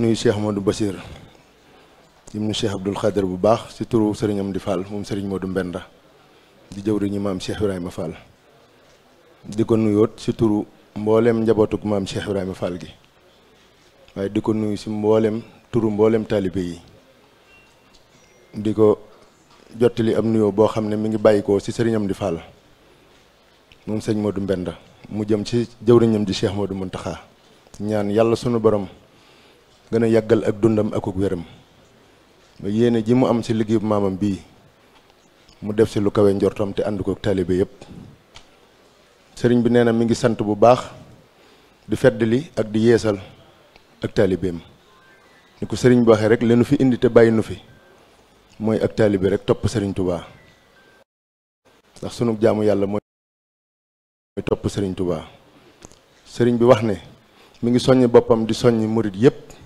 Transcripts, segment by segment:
nuyu Cheikh Amadou Bassir ibnu Cheikh Abdoul Khader bu baax ci turu sëriñam di Fall moom Serigne Modou Mbenda di jëwriñu maam Cheikh Ibrahima Fall di ko nuyoot ci turu mboolem njabootug maam Cheikh Ibrahima gi waaye di ko nuyu ci mbooleem turu mbooleem taalibe yi di ko jottali am nuyoo boo xam ne mi ngi bàyyikoo ci sëriñam di Fall moom sëñ Modou Mbenda mu jëm ci jëwriñam di Cheikh Modou Mountakha ñaan yàlla sunu borom. gën a yàggal ak dundam ak wéram ba yéene ji mu am ci liggéeyu maamam bii mu def si lu kawe njortom te ànd ko taalibe yépp sëriñ bi nee na mi ngi sant bu baax di li ak di yeesal ak taalibeem ni ko sëriñ bi waxee rek leenu fi indi te bàyyi nu fi mooy ak taalibe rek topp sëriñ tubaa ndax sunu jaamu yàlla mooy topp sëriñ tubaa sëriñ bi wax ne mu ngi soññ boppam di soññ murit yépp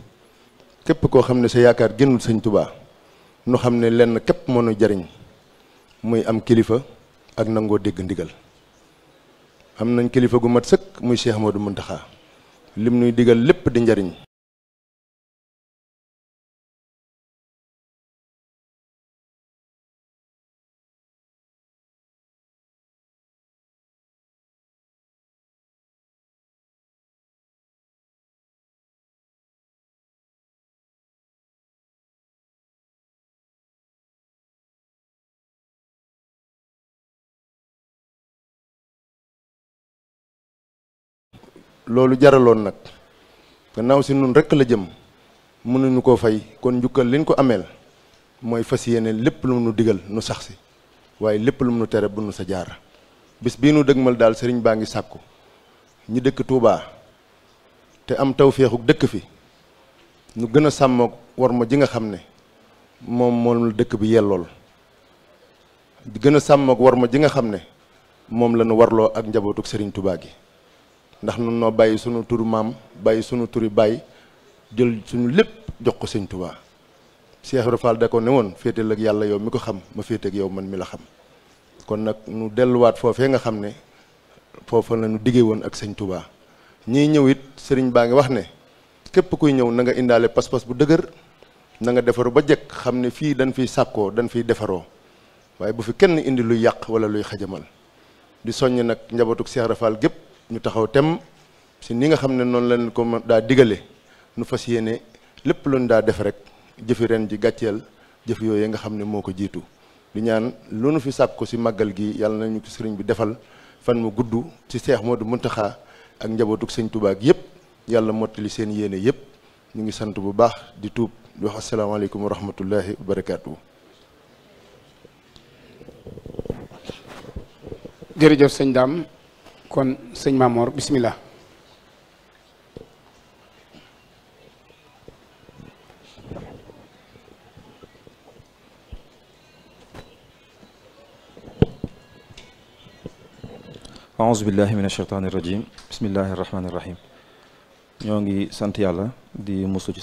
képp koo xam ne sa yaakaar génnul sañ tubaa nu xam ne lenn képp moo nu jariñ muy am kilifa ak nangoo dégg ndigal am nañ kilifa gu mat sëkk muy Cheikh Modou Mountakha lim nuy digal lépp di njariñ loolu jaraloon nag gannaaw si nun rekk la jëm mënuñu koo fay kon njukkal liñ ko ameel mooy fas yéene lépp lu nu digal nu sax si waaye lépp lu nu tere bu nu sa jaar bis bii nu dëgmal daal sëriñ baa ngi sàkku ñi dëkk tuubaa te am tawféexu dëkk fi ñu gën a sàmm war ma ji nga xam ne moom moom la dëkk bi yellool gën a sàmm war ma ji nga xam ne moom la nu warloo ak njabootuk sëriñ Touba gi ndax nun noo bàyyi sunu turu maam bàyyi sunu turi bàyyi jël sunu lépp jox ko sëñ tubaa Cheikh Ibra Fall da ko ne woon féetal ak yàlla yow mi ko xam ma féete ak yow man mi la xam kon nag nu delluwaat foofee nga xam ne foofa la nu diggee woon ak sëñ tubaa ñii ñëw it sëriñ baa ngi wax ne képp kuy ñëw na nga indaale pas-pas bu dëgër na nga defaru ba jekk xam ne fii dañ fiy sàkkoo dañ fiy defaroo waaye bu fi kenn indi luy yàq wala luy xajamal di soññ nag njabootuk Cheikh gépp ñu taxaw temm si ni nga xam ne noonu lañ ko daa diggale nu fas yéene lépp luñ daa def rek jëfi ren ji gàcceel jëf yooyu nga xam ne moo ko jiitu di ñaan lu nu fi sàkk ko si màggal gi yàlla nañu ko sëriñ bi defal fan mu gudd ci seex Moodu Muntaxa ak njabootuk sëñ tubaak yépp yàlla mottali seen yéene yépp ñu ngi sant bu baax di tuub di wax asalaamaaleykum wa rahmatullahi wa barakaatu. jërëjëf sëñ Dame kon sëñ Mamor bisimilah. aouzu billahi min ashaytaani rajim bismillahi rahmaani rahim ñoo ngi sant yàlla di musu ci